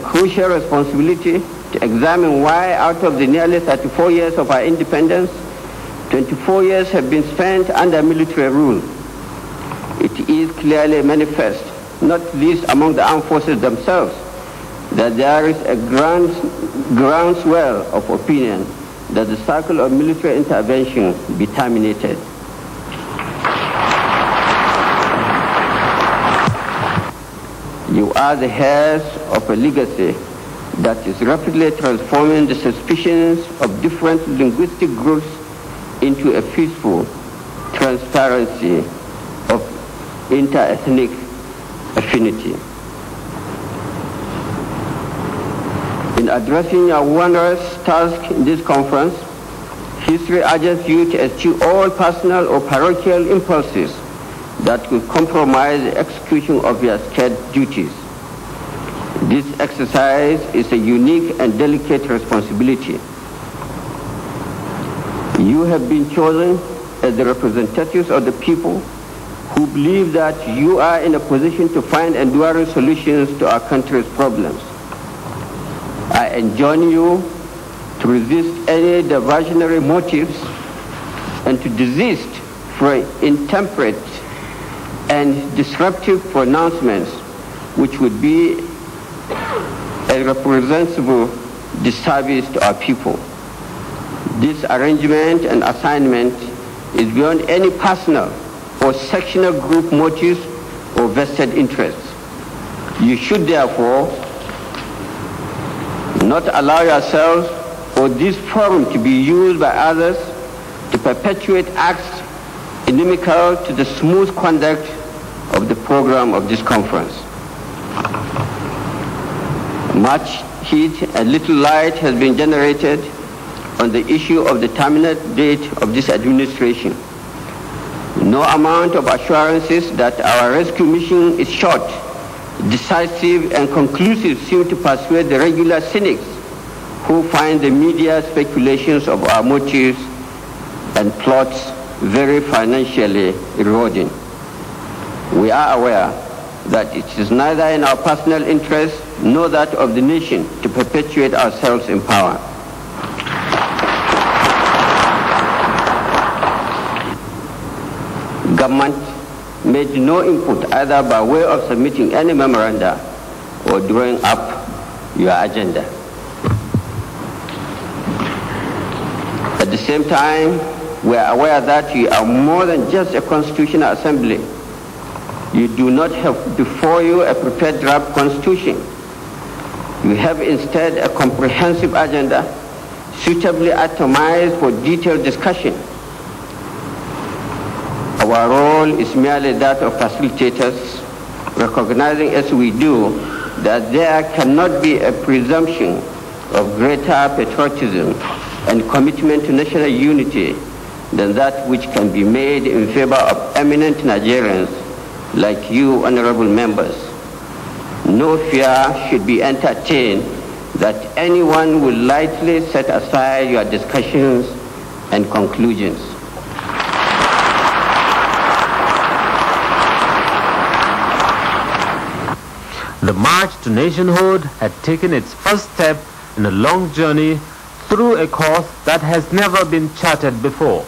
crucial responsibility to examine why, out of the nearly 34 years of our independence, 24 years have been spent under military rule. It is clearly manifest, not least among the armed forces themselves, that there is a grand, groundswell of opinion that the cycle of military intervention be terminated. You are the heirs of a legacy that is rapidly transforming the suspicions of different linguistic groups into a peaceful transparency of interethnic affinity. In addressing your wondrous task in this conference, history urges you to eschew all personal or parochial impulses that could compromise the execution of your scared duties. This exercise is a unique and delicate responsibility. You have been chosen as the representatives of the people who believe that you are in a position to find enduring solutions to our country's problems. I enjoin you to resist any diversionary motives and to desist from intemperate and disruptive pronouncements which would be a reprehensible disservice to our people. This arrangement and assignment is beyond any personal or sectional group motives or vested interests. You should therefore not allow yourselves or this forum to be used by others to perpetuate acts inimical to the smooth conduct of the program of this conference. Much heat and little light has been generated on the issue of the terminal date of this administration. No amount of assurances that our rescue mission is short, decisive, and conclusive seem to persuade the regular cynics who find the media speculations of our motives and plots very financially eroding we are aware that it is neither in our personal interest nor that of the nation to perpetuate ourselves in power. Government made no input either by way of submitting any memoranda or drawing up your agenda. At the same time, we are aware that you are more than just a constitutional assembly you do not have before you a prepared draft constitution. You have instead a comprehensive agenda suitably atomized for detailed discussion. Our role is merely that of facilitators, recognizing as we do that there cannot be a presumption of greater patriotism and commitment to national unity than that which can be made in favor of eminent Nigerians like you honorable members, no fear should be entertained that anyone will lightly set aside your discussions and conclusions. The march to nationhood had taken its first step in a long journey through a course that has never been charted before.